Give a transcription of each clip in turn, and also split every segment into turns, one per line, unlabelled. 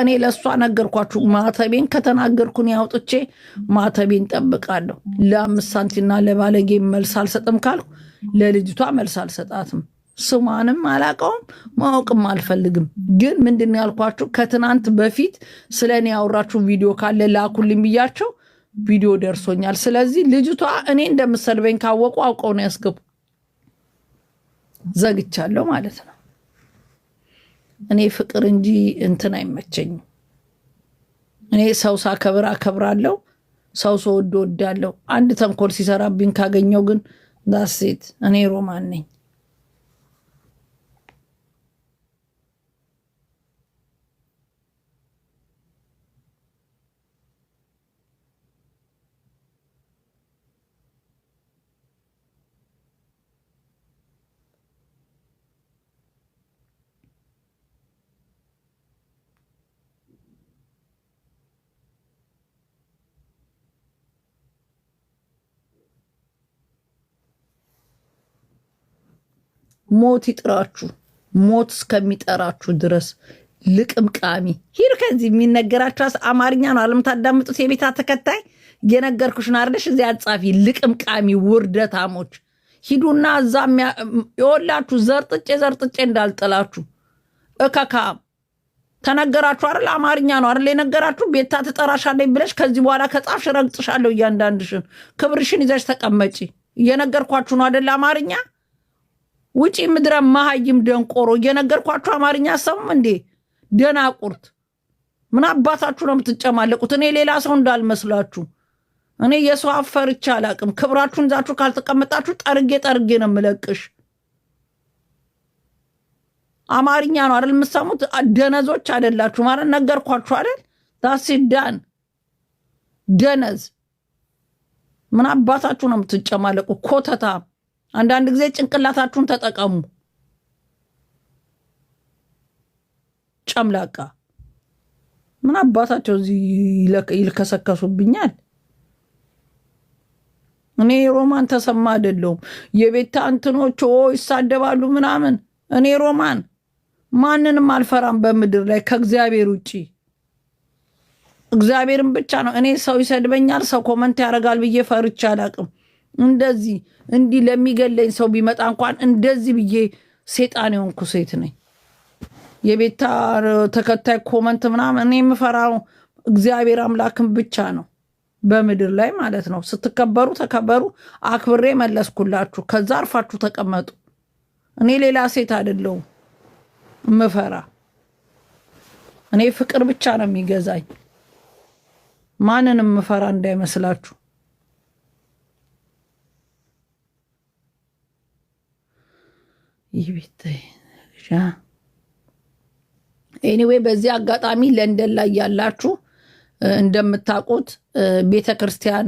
እኔ ለእሷ ነገርኳችሁ። ማተቤን ከተናገርኩን ያውጥቼ ማተቤን ጠብቃለሁ። ለአምስት ሳንቲና ለባለጌ መልስ አልሰጥም ካልኩ ለልጅቷ መልስ አልሰጣትም። ስሟንም አላቀውም ማወቅም አልፈልግም። ግን ምንድን ያልኳችሁ ከትናንት በፊት ስለ እኔ ያወራችሁ ቪዲዮ ካለ ላኩልኝ ብያቸው ቪዲዮ ደርሶኛል። ስለዚህ ልጅቷ እኔ እንደምሰድበኝ ካወቁ አውቀው ነው ያስገቡ። ዘግቻለሁ ማለት ነው። እኔ ፍቅር እንጂ እንትን አይመቸኝም። እኔ ሰው ሳከብር አከብራለሁ። ሰው ሰው ወዶ ወዳለሁ። አንድ ተንኮል ሲሰራብኝ ካገኘው ግን ዳሴት እኔ ሮማን ነኝ። ሞት ይጥራችሁ፣ ሞት እስከሚጠራችሁ ድረስ ልቅምቃሚ ሂድ ከዚህ። የሚነገራችሁ አማርኛ ነው አለምታዳምጡት የቤታ ተከታይ የነገርኩሽ ነው አይደለሽ? እዚያ አጻፊ ልቅምቃሚ ውርደታሞች ሂዱና እዛ የወላችሁ ዘርጥጬ ዘርጥጬ እንዳልጥላችሁ እከካ ተነገራችሁ አይደል? አማርኛ ነው አይደል የነገራችሁ? ቤታ ትጠራሻለኝ ብለሽ ከዚህ በኋላ ከጻፍሽ ረግጥሻለሁ እያንዳንድሽን። ክብርሽን ይዘሽ ተቀመጪ። እየነገርኳችሁ ነው አይደል አማርኛ ውጪ ምድረ ማሀይም ደንቆሮ፣ እየነገርኳችሁ አማርኛ አሰብም እንዴ ደናቁርት? ምን አባታችሁ ነው የምትጨማለቁት? እኔ ሌላ ሰው እንዳልመስላችሁ። እኔ የሰው አፈርቻ አላቅም። ክብራችሁን ዛችሁ ካልተቀመጣችሁ ጠርጌ ጠርጌ ነው የምለቅሽ። አማርኛ ነው አይደል የምትሰሙት? ደነዞች አደላችሁ ማለት ነገርኳችሁ አደል? ዛሲዳን ደነዝ ምን አባታችሁ ነው የምትጨማለቁ ኮተታም አንዳንድ ጊዜ ጭንቅላታችሁን ተጠቀሙ። ጨምላቃ ምን አባታቸው እዚህ ይልከሰከሱብኛል። እኔ ሮማን ተሰማ አይደለሁም። የቤታ እንትኖች ይሳደባሉ ምናምን። እኔ ሮማን ማንንም አልፈራም በምድር ላይ ከእግዚአብሔር ውጭ እግዚአብሔርን ብቻ ነው። እኔ ሰው ይሰድበኛል፣ ሰው ኮመንት ያደርጋል ብዬ ፈርቼ አላቅም። እንደዚህ እንዲህ ለሚገለኝ ሰው ቢመጣ እንኳን እንደዚህ ብዬ ሴጣን የሆንኩ ሴት ነኝ። የቤታ ተከታይ ኮመንት ምናምን እኔ የምፈራው እግዚአብሔር አምላክን ብቻ ነው፣ በምድር ላይ ማለት ነው። ስትከበሩ ተከበሩ፣ አክብሬ መለስኩላችሁ። ከዛ አርፋችሁ ተቀመጡ። እኔ ሌላ ሴት አይደለሁም ምፈራ። እኔ ፍቅር ብቻ ነው የሚገዛኝ። ማንንም ምፈራ እንዳይመስላችሁ። ይቤታይ ኤኒዌይ በዚህ አጋጣሚ ለንደን ላይ ያላችሁ እንደምታውቁት ቤተ ክርስቲያን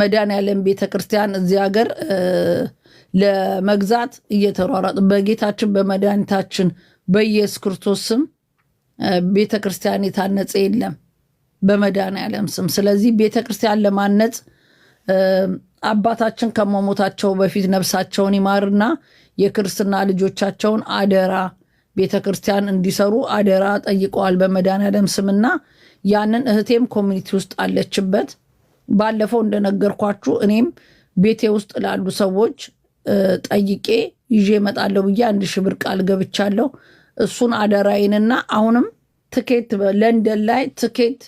መድኃኔዓለም ቤተ ክርስቲያን እዚህ ሀገር ለመግዛት እየተሯሯጥ በጌታችን በመድኃኒታችን በኢየሱስ ክርስቶስ ስም ቤተ ክርስቲያን የታነጸ የለም በመድኃኔዓለም ስም። ስለዚህ ቤተ ክርስቲያን ለማነጽ አባታችን ከመሞታቸው በፊት ነፍሳቸውን ይማርና የክርስትና ልጆቻቸውን አደራ ቤተ ክርስቲያን እንዲሰሩ አደራ ጠይቀዋል በመድኃኔዓለም ስምና ያንን እህቴም ኮሚኒቲ ውስጥ አለችበት። ባለፈው እንደነገርኳችሁ እኔም ቤቴ ውስጥ ላሉ ሰዎች ጠይቄ ይዤ እመጣለሁ ብዬ አንድ ሺህ ብር ቃል ገብቻለሁ። እሱን አደራዬንና አሁንም ትኬት ለንደን ላይ ትኬት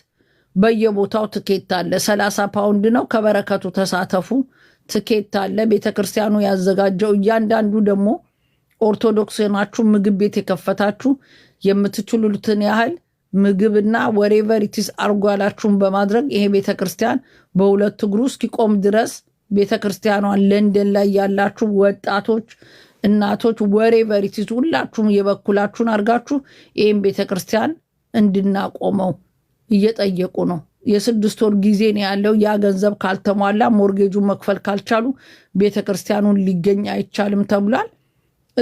በየቦታው ትኬት አለ። ሰላሳ ፓውንድ ነው። ከበረከቱ ተሳተፉ። ትኬት አለ። ቤተክርስቲያኑ ያዘጋጀው እያንዳንዱ ደግሞ ኦርቶዶክስ ናችሁ ምግብ ቤት የከፈታችሁ የምትችሉትን ያህል ምግብና ወሬቨሪቲስ አርጎ ያላችሁን በማድረግ ይሄ ቤተክርስቲያን በሁለት እግሩ እስኪቆም ድረስ ቤተክርስቲያኗን ለንደን ላይ ያላችሁ ወጣቶች፣ እናቶች ወሬቨሪቲስ ሁላችሁም የበኩላችሁን አርጋችሁ ይህም ቤተክርስቲያን እንድናቆመው እየጠየቁ ነው። የስድስት ወር ጊዜ ነው ያለው። ያ ገንዘብ ካልተሟላ ሞርጌጁ መክፈል ካልቻሉ ቤተ ክርስቲያኑን ሊገኝ አይቻልም ተብሏል።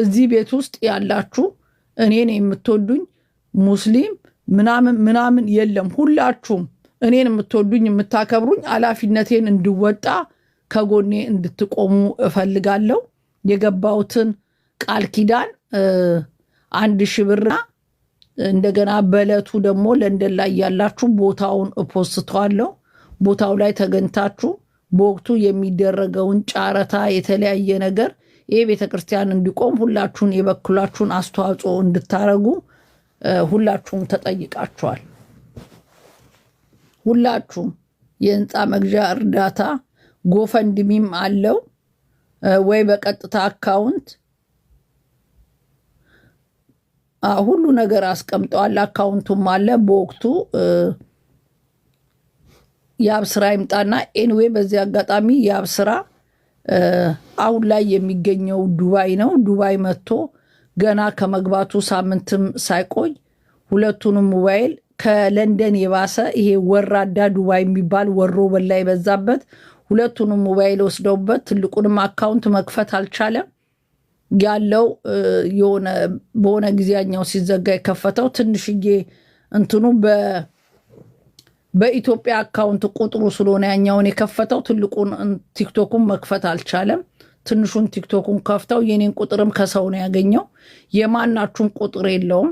እዚህ ቤት ውስጥ ያላችሁ እኔን የምትወዱኝ ሙስሊም ምናምን ምናምን የለም። ሁላችሁም እኔን የምትወዱኝ የምታከብሩኝ፣ ኃላፊነቴን እንድወጣ ከጎኔ እንድትቆሙ እፈልጋለሁ። የገባሁትን ቃል ኪዳን አንድ ሺህ ብርና እንደገና በእለቱ ደግሞ ለንደን ላይ ያላችሁ ቦታውን እፖስተዋለሁ። ቦታው ላይ ተገኝታችሁ በወቅቱ የሚደረገውን ጨረታ፣ የተለያየ ነገር ይህ ቤተክርስቲያን እንዲቆም ሁላችሁን የበኩላችሁን አስተዋጽኦ እንድታረጉ ሁላችሁም ተጠይቃችኋል። ሁላችሁም የህንፃ መግዣ እርዳታ ጎፈንድሚም አለው ወይ በቀጥታ አካውንት ሁሉ ነገር አስቀምጠዋል። አካውንቱም አለ። በወቅቱ የአብስራ ይምጣና ኤንዌ በዚህ አጋጣሚ የአብስራ አሁን ላይ የሚገኘው ዱባይ ነው። ዱባይ መጥቶ ገና ከመግባቱ ሳምንትም ሳይቆይ ሁለቱንም ሞባይል ከለንደን የባሰ ይሄ ወራዳ ዱባይ የሚባል ወሮ በላ የበዛበት ሁለቱንም ሞባይል ወስደውበት ትልቁንም አካውንት መክፈት አልቻለም። ያለው የሆነ በሆነ ጊዜኛው ሲዘጋ የከፈተው ትንሽዬ እንትኑ በኢትዮጵያ አካውንት ቁጥሩ ስለሆነ ያኛውን የከፈተው ትልቁን ቲክቶኩን መክፈት አልቻለም። ትንሹን ቲክቶኩን ከፍተው የኔን ቁጥርም ከሰው ነው ያገኘው። የማናችሁን ቁጥር የለውም።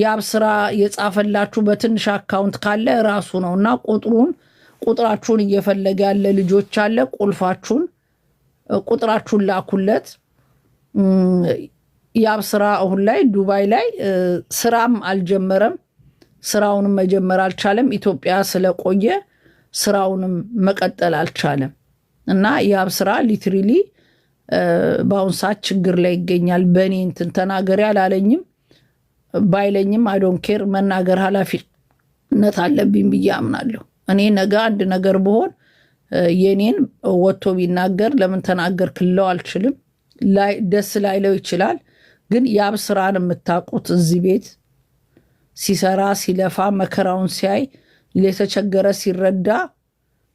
የአብስራ የጻፈላችሁ በትንሽ አካውንት ካለ ራሱ ነው እና ቁጥሩን ቁጥራችሁን እየፈለገ ያለ ልጆች አለ። ቁልፋችሁን ቁጥራችሁን ላኩለት። ያብ ስራ አሁን ላይ ዱባይ ላይ ስራም አልጀመረም። ስራውንም መጀመር አልቻለም። ኢትዮጵያ ስለቆየ ስራውንም መቀጠል አልቻለም እና ያብ ስራ ሊትሪሊ በአሁን ሰዓት ችግር ላይ ይገኛል። በእኔ እንትን ተናገሪ አላለኝም ባይለኝም አይዶን ኬር መናገር ኃላፊነት አለብኝ ብዬ አምናለሁ። እኔ ነገ አንድ ነገር ብሆን የኔን ወጥቶ ቢናገር ለምን ተናገርክ ልለው አልችልም። ደስ ላይለው ይችላል። ግን የአብስራን ስራን የምታውቁት እዚህ ቤት ሲሰራ ሲለፋ መከራውን ሲያይ የተቸገረ ሲረዳ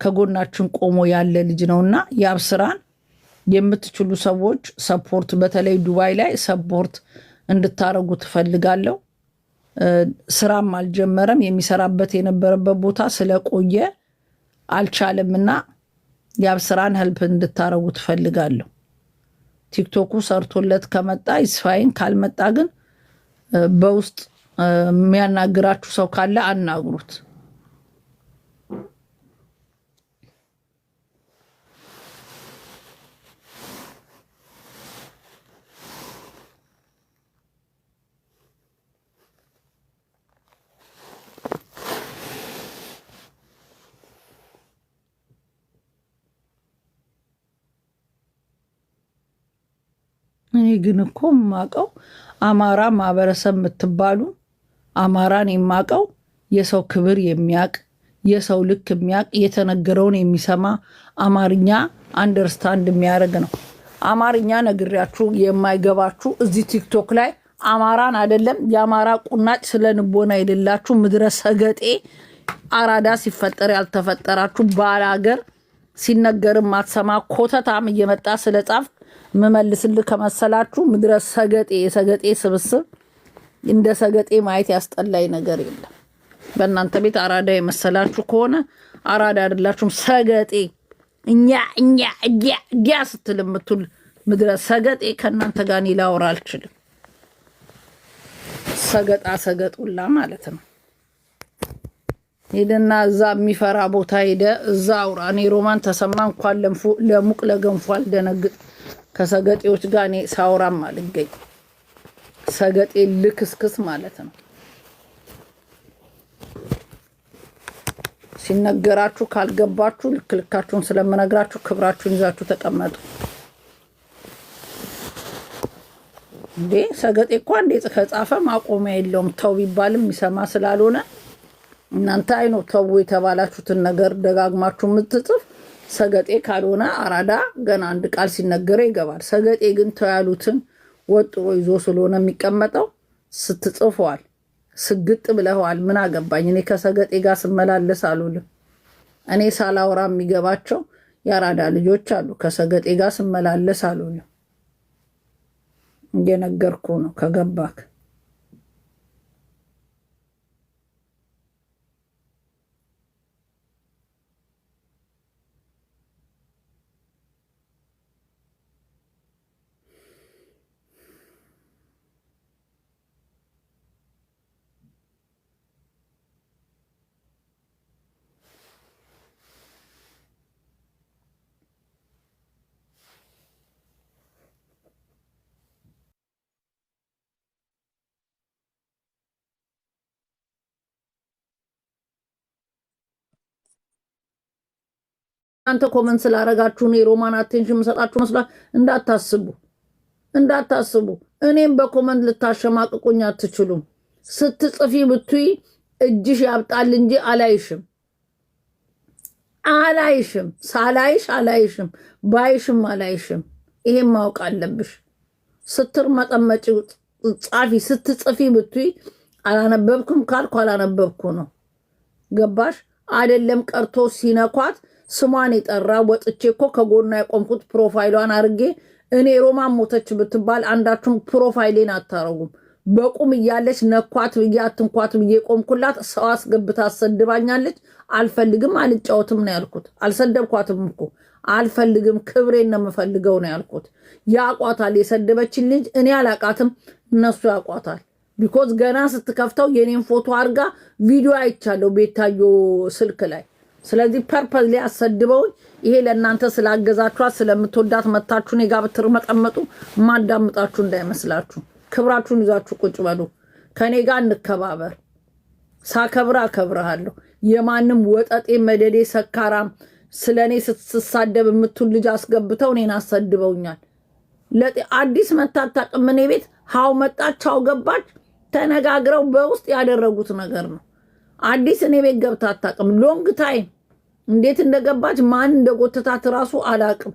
ከጎናችን ቆሞ ያለ ልጅ ነውና ያብ ስራን የምትችሉ ሰዎች ሰፖርት፣ በተለይ ዱባይ ላይ ሰፖርት እንድታረጉ ትፈልጋለሁ። ስራም አልጀመረም የሚሰራበት የነበረበት ቦታ ስለቆየ አልቻለምና ያብ ስራን ህልፕ እንድታረጉ ትፈልጋለሁ። ቲክቶኩ ሰርቶለት ከመጣ ይስፋይን፣ ካልመጣ ግን በውስጥ የሚያናግራችሁ ሰው ካለ አናግሩት። ግን እኮ የማቀው አማራ ማህበረሰብ የምትባሉ አማራን የማቀው የሰው ክብር የሚያቅ የሰው ልክ የሚያቅ የተነገረውን የሚሰማ አማርኛ አንደርስታንድ የሚያደርግ ነው። አማርኛ ነግሪያችሁ የማይገባችሁ እዚህ ቲክቶክ ላይ አማራን አይደለም የአማራ ቁናጭ ስለ ንቦና የሌላችሁ ምድረ ሰገጤ አራዳ ሲፈጠር ያልተፈጠራችሁ ባለ ሀገር ሲነገርም ማትሰማ ኮተታም እየመጣ ስለ ጻፍ የምመልስልህ ከመሰላችሁ ምድረ ሰገጤ የሰገጤ ስብስብ እንደ ሰገጤ ማየት ያስጠላኝ ነገር የለም። በእናንተ ቤት አራዳ የመሰላችሁ ከሆነ አራዳ አይደላችሁም። ሰገጤ እኛ እኛ እያ እያ ስትል የምትል ምድረ ሰገጤ ከእናንተ ጋር እኔ ላወራ አልችልም። ሰገጣ ሰገጡላ ማለት ነው። ሄደና እዛ የሚፈራ ቦታ ሄደ እዛ አውራ። እኔ ሮማን ተሰማ እንኳን ለሙቅ ለገንፎ አልደነግጥ ከሰገጤዎች ጋር እኔ ሳውራም አልገኝ። ሰገጤ ልክስክስ ማለት ነው። ሲነገራችሁ ካልገባችሁ ልክ ልካችሁን ስለምነግራችሁ ክብራችሁን ይዛችሁ ተቀመጡ። እንዴ ሰገጤ እኳ እንዴ ከጻፈ ማቆሚያ የለውም። ተው ቢባልም የሚሰማ ስላልሆነ እናንተ አይኖ ተው የተባላችሁትን ነገር ደጋግማችሁ የምትጽፍ ሰገጤ ካልሆነ አራዳ ገና አንድ ቃል ሲነገረ ይገባል። ሰገጤ ግን ተያሉትን ወጥሮ ይዞ ስለሆነ የሚቀመጠው ስትጽፈዋል ስግጥ ብለዋል። ምን አገባኝ እኔ ከሰገጤ ጋር ስመላለስ አልውልም። እኔ ሳላውራ የሚገባቸው የአራዳ ልጆች አሉ። ከሰገጤ ጋር ስመላለስ አልውልም። እየነገርኩ ነው ከገባክ እናንተ ኮመንት ስላረጋችሁ ነው የሮማን አቴንሽን የምሰጣችሁ መስላ እንዳታስቡ እንዳታስቡ። እኔም በኮመንት ልታሸማቅቁኝ አትችሉም። ስትጽፊ ብትይ እጅሽ ያብጣል እንጂ አላይሽም አላይሽም ሳላይሽ አላይሽም ባይሽም አላይሽም። ይሄም ማወቅ አለብሽ። ስትር መጠመጪ ጻፊ ስትጽፊ ብትይ አላነበብኩም ካልኩ አላነበብኩ ነው። ገባሽ አይደለም ቀርቶ ሲነኳት ስሟን የጠራ ወጥቼ እኮ ከጎና የቆምኩት ፕሮፋይሏን አርጌ እኔ ሮማን ሞተች ብትባል አንዳችሁም ፕሮፋይሌን አታረጉም። በቁም እያለች ነኳት ብዬ አትንኳት ብዬ ቆምኩላት። ሰው አስገብታ አሰድባኛለች። አልፈልግም፣ አልጫወትም ነው ያልኩት። አልሰደብኳትም እኮ አልፈልግም፣ ክብሬን ነው የምፈልገው ነው ያልኩት። ያቋታል፣ የሰደበችን ልጅ እኔ አላቃትም፣ እነሱ ያቋታል። ቢኮዝ ገና ስትከፍተው የኔን ፎቶ አድርጋ ቪዲዮ አይቻለሁ ቤታዮ ስልክ ላይ ስለዚህ ፐርፐዝ ሊያሰድበው ይሄ ለእናንተ ስላገዛችኋት ስለምትወዳት መታችሁ እኔ ጋር ማዳምጣችሁ እንዳይመስላችሁ። ክብራችሁን ይዛችሁ ቁጭ በሉ። ከእኔ ጋር እንከባበር። ሳከብር አከብርሃለሁ። የማንም ወጠጤ መደዴ ሰካራም ስለ እኔ ስትሳደብ የምትውል ልጅ አስገብተው እኔን አሰድበውኛል። አዲስ መታታቅም እኔ ቤት ሀው መጣች ሀው ገባች ተነጋግረው በውስጥ ያደረጉት ነገር ነው። አዲስ እኔ ቤት ገብታ አታውቅም። ሎንግ ታይም እንዴት እንደገባች ማን እንደጎተታት ራሱ አላውቅም።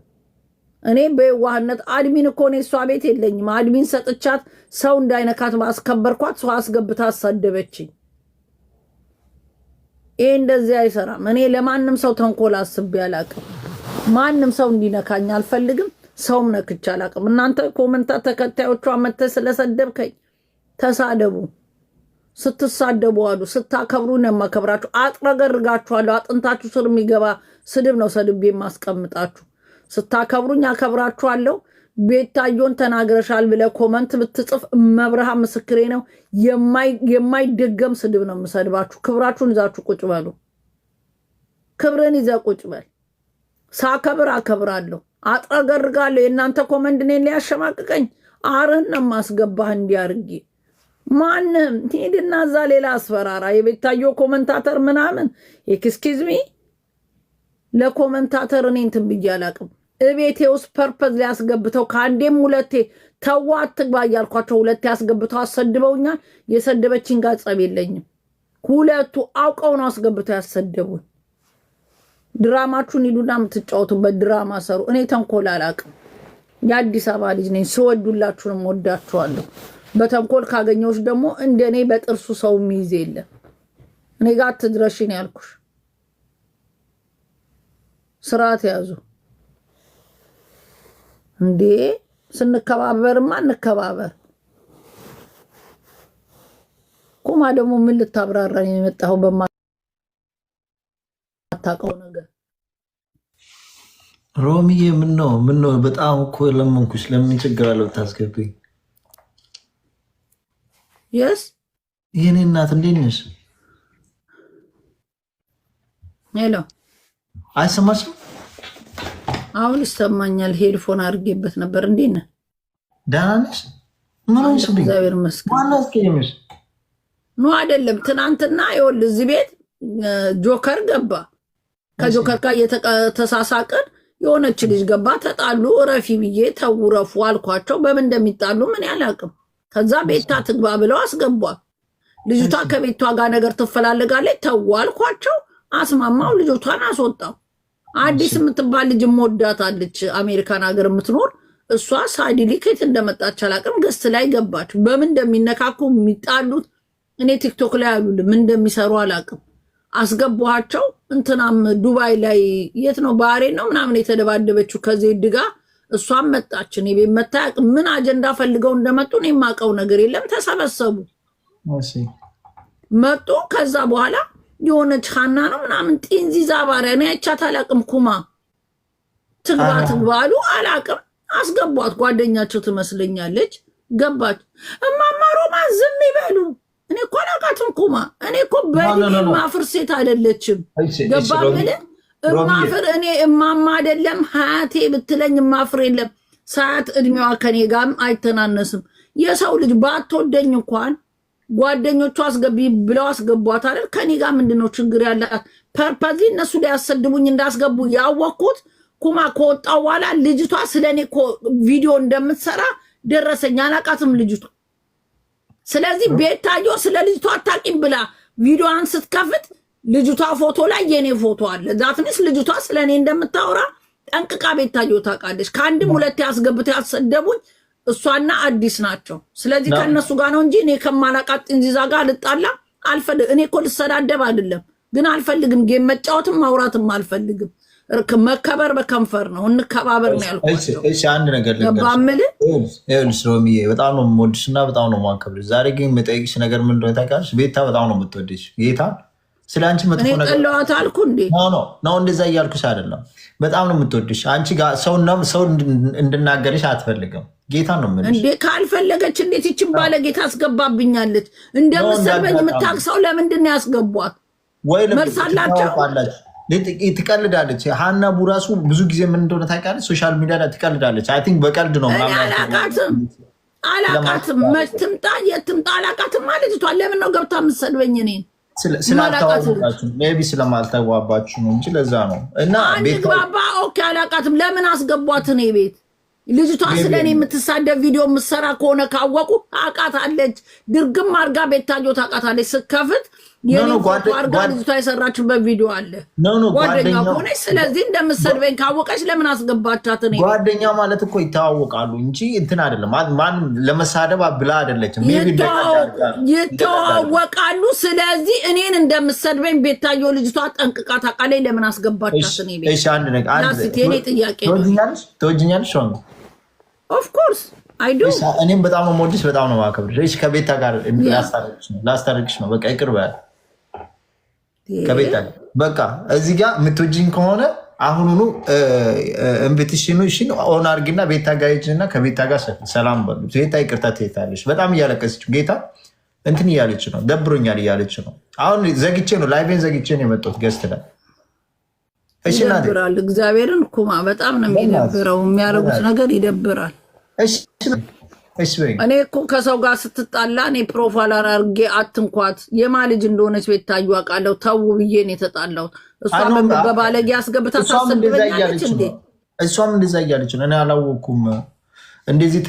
እኔ በየዋህነት አድሚን እኮ እኔ እሷ ቤት የለኝም። አድሚን ሰጥቻት ሰው እንዳይነካት ማስከበርኳት። ሰው አስገብታ አሳደበችኝ። ይሄ እንደዚህ አይሰራም። እኔ ለማንም ሰው ተንኮል አስቤ አላውቅም። ማንም ሰው እንዲነካኝ አልፈልግም። ሰውም ነክቼ አላውቅም። እናንተ ኮመንታ ተከታዮቿ መተ ስለሰደብከኝ ተሳደቡ። ስትሳደቡ አሉ። ስታከብሩ ነው የማከብራችሁ። አጥረገርጋችኋለሁ። አጥንታችሁ ስር የሚገባ ስድብ ነው ሰድቤ የማስቀምጣችሁ። ስታከብሩኝ አከብራችኋለሁ። ቤታዮን ተናግረሻል ብለ ኮመንት ብትጽፍ መብረሃ ምስክሬ ነው። የማይደገም ስድብ ነው የምሰድባችሁ። ክብራችሁን ይዛችሁ ቁጭ በሉ። ክብርን ይዘ ቁጭ በል። ሳከብር አከብራለሁ፣ አጥረገርጋለሁ። የእናንተ ኮመንድ እኔን ሊያሸማቅቀኝ አርህን ነው የማስገባህ እንዲያርጌ ማንም ሄድና እዛ ሌላ አስፈራራ። የቤታዮ ኮመንታተር ምናምን ኤክስኪዝሚ ለኮመንታተር እኔ እንትን ብዬ አላቅም። እቤቴ ውስጥ ፐርፐዝ ሊያስገብተው ከአንዴም ሁለቴ ተዋ አትግባ እያልኳቸው ሁለቴ ያስገብተው አሰድበውኛል። የሰደበችን ጋር ጸብ የለኝም። ሁለቱ አውቀው ነው አስገብተው ያሰደቡን። ድራማችሁን ሂዱና የምትጫወቱበት ድራማ ሰሩ። እኔ ተንኮል አላቅም። የአዲስ አበባ ልጅ ነኝ። ስወዱላችሁንም ወዳችኋለሁ። በተንኮል ካገኘሁሽ ደግሞ እንደኔ በጥርሱ ሰው የሚይዝ የለም። እኔ ጋር አትድረሽን ያልኩሽ። ስርዓት ያዙ እንዴ! ስንከባበርማ እንከባበር። ቁማ ደግሞ ምን ልታብራራኝ የመጣኸው በማታውቀው
ነገር? ሮሚዬ ምን ነው ምን ነው? በጣም እኮ ለመንኩሽ። ለምን ችግር አለው ታስገብኝ የስ የኔ እናት እንዴት ነሽ? ሄሎ አይሰማሽም?
አሁን ይሰማኛል። ሄድፎን አድርጌበት ነበር። እንዴት ነህ?
ደህና ነሽ? ምን ሆንሽ? እግዚአብሔር
ይመስገን። ኖ አይደለም። ትናንትና ይኸውልህ እዚህ ቤት ጆከር ገባ። ከጆከር ጋር የተሳሳቅን የሆነች ልጅ ገባ። ተጣሉ። እረፊ ብዬ ተውረፉ አልኳቸው። በምን እንደሚጣሉ ምን ያላቅም ከዛ ቤታ ትግባ ብለው አስገቧት። ልጅቷ ከቤቷ ጋር ነገር ትፈላለጋለች። ተዋልኳቸው፣ አስማማው፣ ልጆቷን አስወጣው። አዲስ የምትባል ልጅ ወዳታለች፣ አሜሪካን ሀገር የምትኖር እሷ ሳዲሊ ከየት እንደመጣች አላቅም። ገስት ላይ ገባች። በምን እንደሚነካኩ የሚጣሉት እኔ ቲክቶክ ላይ አሉ ምን እንደሚሰሩ አላቅም። አስገቧቸው። እንትናም ዱባይ ላይ የት ነው ባህሬን ነው ምናምን የተደባደበችው ከዜድ ጋር እሷም መጣች። እኔ ቤት መታ ምን አጀንዳ ፈልገው እንደመጡ እኔ የማውቀው ነገር የለም። ተሰበሰቡ መጡ። ከዛ በኋላ የሆነች ሀና ነው ምናምን ጢንዚዛ ባሪያ እኔ አይቻት አላቅም። ኩማ ትግባ ትግባ አላቅም አስገቧት። ጓደኛቸው ትመስለኛለች። ገባች። እማማ ሮማን ዝም ይበሉ። እኔ እኮ አላውቃትም። ኩማ እኔ እኮ በማፍር ሴት አይደለችም።
ገባ ምልን
እማፍር እኔ እማማ አይደለም ሀያቴ ብትለኝ እማፍር የለም። ሰዓት እድሜዋ ከኔ ጋርም አይተናነስም። የሰው ልጅ ባትወደኝ እንኳን ጓደኞቹ አስገቢ ብለው አስገቧት አይደል? ከኔ ጋር ምንድነው ችግር ያላት? ፐርፐዚ እነሱ ሊያሰድቡኝ እንዳስገቡ ያወቅኩት ኩማ ከወጣ በኋላ ልጅቷ ስለ እኔ ቪዲዮ እንደምትሰራ ደረሰኝ። አላቃትም ልጅቷ። ስለዚህ ቤታዮ ስለ ልጅቷ አታቂም ብላ ቪዲዮዋን ስትከፍት ልጅቷ ፎቶ ላይ የኔ ፎቶ አለ። ዛትንስ ልጅቷ ስለ እኔ እንደምታወራ ጠንቅቃ ቤታዮ ታውቃለች። ከአንድም ሁለት ያስገብት ያሰደቡኝ እሷና አዲስ ናቸው። ስለዚህ ከእነሱ ጋር ነው እንጂ እኔ ከማላቃጥ እንዚዛ ጋር ልጣላ አልፈልግ። እኔ እኮ ልሰዳደብ አይደለም ግን አልፈልግም። ጌም መጫወትም ማውራትም አልፈልግም። እርክ መከበር በከንፈር ነው፣ እንከባበር ነው
ያልኳቸው። አንድ ነገር
ልባምልስ
ሮሚዬ በጣም ነው የምወድሽ እና በጣም ነው የማከብርሽ። ዛሬ ግን የምጠይቅሽ ነገር ምንድን ነው ታውቂያለሽ? ቤታ በጣም ነው የምትወድሽ ጌታ ስለ አንቺ
መጥፎ ነገር አልኩ እንዴ?
ነው እንደዛ እያልኩሽ አይደለም። በጣም ነው የምትወድሽ አንቺ ጋር ሰው እንድናገርሽ አትፈልግም። ጌታ ነው የምልሽ።
ካልፈለገች እንዴት ይችን ባለ ጌታ አስገባብኛለች? እንደምትሰድበኝ የምታቅሰው ለምንድን ያስገቧት?
ወይ ትቀልዳለች። ሀና ቡራሱ ብዙ ጊዜ ምን እንደሆነ ታውቂያለች። ሶሻል ሚዲያ ላይ ትቀልዳለች። አይ ቲንክ በቀልድ ነው
አላቃትም፣ አላቃትም። መች ትምጣ የት ትምጣ አላቃትም። ማለት ለምን ነው ገብታ የምትሰድበኝ እኔን
ስለአልተዋወቃችሁ ቢ ስለማልተዋባችሁ ነው እንጂ ለዛ ነው።
እና ግባባ ኦኬ፣ አላቃትም። ለምን አስገቧት እኔ ቤት? ልጅቷ ስለ እኔ የምትሳደብ ቪዲዮ የምትሰራ ከሆነ ካወቁ አውቃታለች። ድርግም አድርጋ ቤታጆ ታውቃታለች ስከፍት ልጅቷ የሰራችበት ቪዲዮ አለ። ጓደኛ ከሆነች ስለዚህ እንደምትሰድበኝ ካወቀች ለምን አስገባቻት?
ጓደኛ ማለት እኮ ይተዋወቃሉ እንጂ እንትን አይደለም። ለመሳደብ ብላ አይደለችም።
ይተዋወቃሉ። ስለዚህ እኔን እንደምትሰድበኝ ቤታየው ልጅቷ ጠንቅቃ ታውቃለች። ለምን አስገባቻት? እኔ ጥያቄ ኦፍኮርስ
እኔም በጣም ነው የምወድሽ፣ በጣም ነው የማከብርሽ። ከቤታ ጋር ላስታርቅሽ ነው። በቃ ይቅር ከቤታ በቃ እዚህ ጋር የምትወጂኝ ከሆነ አሁኑኑ ኢንቪቴሽንሽን ኦን አድርጊና ቤታ ጋር ሂጂና ከቤታ ጋር ሰላም በሉ። ቤታ ይቅርታ ትሄታለች። በጣም እያለቀሰች ጌታ እንትን እያለች ነው፣ ደብሮኛል እያለች ነው። አሁን ዘግቼ ነው ላይቬን ዘግቼ ነው የመጣሁት ገስት ላይ ይደብራል።
እግዚአብሔርን ኩማ በጣም ነው የሚደብረው። የሚያደርጉት ነገር ይደብራል። እኔ እኮ ከሰው ጋር ስትጣላ እኔ ፕሮፋይል አድርጌ አትንኳት የማ ልጅ እንደሆነች ቤት ታዩ አውቃለሁ። ተው ብዬን ነው የተጣላሁት። እሷ በባለጌ አስገብታ
ታሰድበኛለች እሷም እንደዛ እያለች ነው። እኔ አላወኩም። እንደዚህ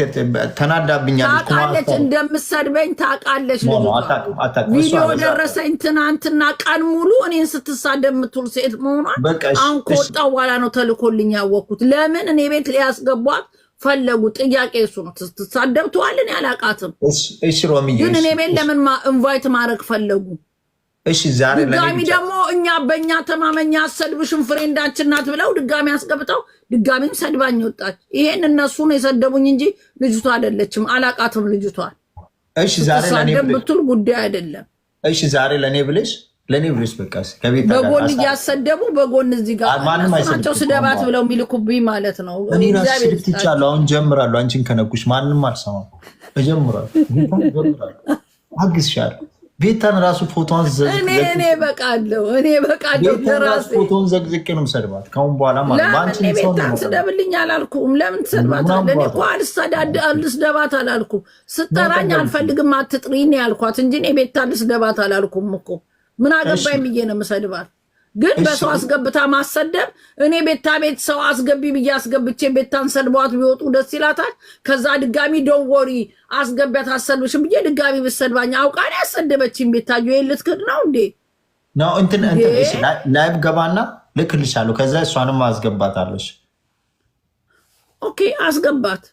ተናዳብኛለች።
እንደምሰድበኝ ታውቃለች። ቪዲዮ ደረሰኝ ትናንትና። ቀን ሙሉ እኔን ስትሳደብ የምትውል ሴት መሆኗን አሁን ከወጣሁ በኋላ ነው ተልኮልኝ ያወቅኩት። ለምን እኔ ቤት ሊያስገቧት ፈለጉ። ጥያቄ እሱ ነው። ትሳደብተዋልን ያላቃትም።
እሺ ሮሚዬ፣ ግን
እኔ ለምን ኢንቫይት ማድረግ ፈለጉ? እሺ ዛሬ ድጋሚ ደግሞ እኛ በእኛ ተማመኛ አሰድብሽም ፍሬንዳችን ናት ብለው ድጋሚ አስገብተው ድጋሚም ሰድባኝ ወጣች። ይሄን እነሱ ነው የሰደቡኝ እንጂ ልጅቷ አይደለችም። አላቃትም ልጅቷ።
እሺ ዛሬ ለኔ
ብትል ጉዳይ አይደለም።
እሺ ዛሬ ለእኔ ብልሽ ለእኔ ብሎስ በቃ
በጎን እያሰደቡ በጎን እዚህ ጋር ስደባት ብለው የሚልኩብኝ ማለት ነው።
እኔን አስድብ ትቻለሁ። አሁን ጀምራለሁ። አንቺን ከነኩሽ ማንም አልሰማም። እጀምራለሁ። አግዝሻለሁ። ቤታን ራሱ ፎቶን
እኔ በቃለሁ እኔ በቃለሁ።
ፎቶን ዘግዝቄ ነው የምሰድባት ከአሁን በኋላ
ማለት ቤታን ስደብልኝ አላልኩም። ለምን ትሰድባታለህ? እኔ እኮ አልስደባት አላልኩም። ስጠራኝ አልፈልግም አትጥሪኝ ያልኳት እንጂ እኔ ቤታን ልስደባት አላልኩም እኮ ምን አገባ የሚዬ ነው የምሰድባት። ግን በሰው አስገብታ ማሰደብ እኔ ቤታ ቤት ሰው አስገቢ ብዬ አስገብቼ ቤታን ሰድቧት ቢወጡ ደስ ይላታል። ከዛ ድጋሚ ዶወሪ አስገቢያት አሰድብሽም ብዬ ድጋሚ ብሰድባኝ አውቃኔ ያሰደበችኝ ቤታዩ ልትክድ ነው እንዴ?
ነው እንትን ላይቭ ገባና ልክልሻለሁ። ከዛ እሷንም አስገባታለሽ።
ኦኬ አስገባት።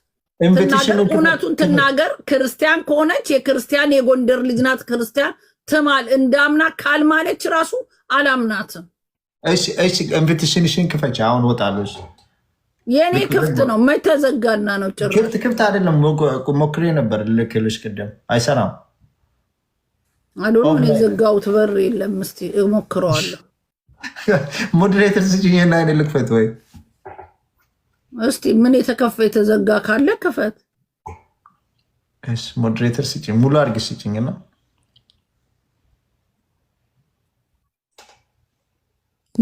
እውነቱን ትናገር። ክርስቲያን ከሆነች የክርስቲያን የጎንደር ልጅ ናት ክርስቲያን ትማል እንዳምና ካልማለች ራሱ አላምናትም።
እሺ እሺ፣ እንብትሽንሽን ክፈች። አሁን ወጣለች።
የእኔ ክፍት ነው መተዘጋና ነው ጭራሽ
ክፍት ክፍት አይደለም። ሞክሬ ነበር ልክልሽ ቅድም አይሰራም።
አዶሆን የዘጋሁት በር የለም። እስኪ እሞክረዋለሁ።
ሞዴሬተር ስጭኝና አይደል ልክፈት ወይ
እስቲ ምን የተከፈ የተዘጋ ካለ ክፈት።
ሞዴሬተር ስጭኝ፣ ሙሉ አድርጊ ስጭኝና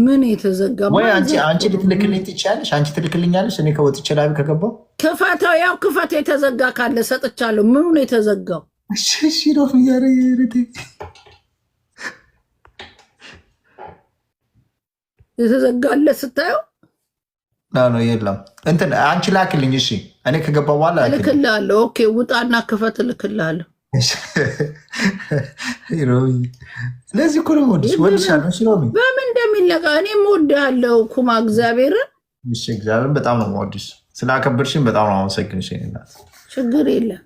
ምን የተዘጋ ወይ?
አንቺ ልትልክልኝ ትችያለሽ፣ አንቺ ትልክልኛለሽ። እኔ ከወጥ ይችላል ከገባው
ክፈተው፣ ያው ክፈት፣ የተዘጋ ካለ ሰጥቻለሁ። ምኑን የተዘጋው? የተዘጋለ ስታየው
ነው የለም። እንትን አንቺ ላክልኝ። እሺ፣ እኔ ከገባ በኋላ
ልክላለሁ። ኦኬ፣ ውጣና ክፈት፣ ልክላለሁ
ለዚህ እኮ ነው የምወድሽ። እወድሻለሁ ስለሆነ
በምን እንደሚለቃ እኔም እወድሃለሁ ኩማ እግዚአብሔርን።
እሺ እግዚአብሔርን በጣም ነው የምወድሽ። ስላከበርሽን በጣም ነው አመሰግንሽ። ናት
ችግር የለም።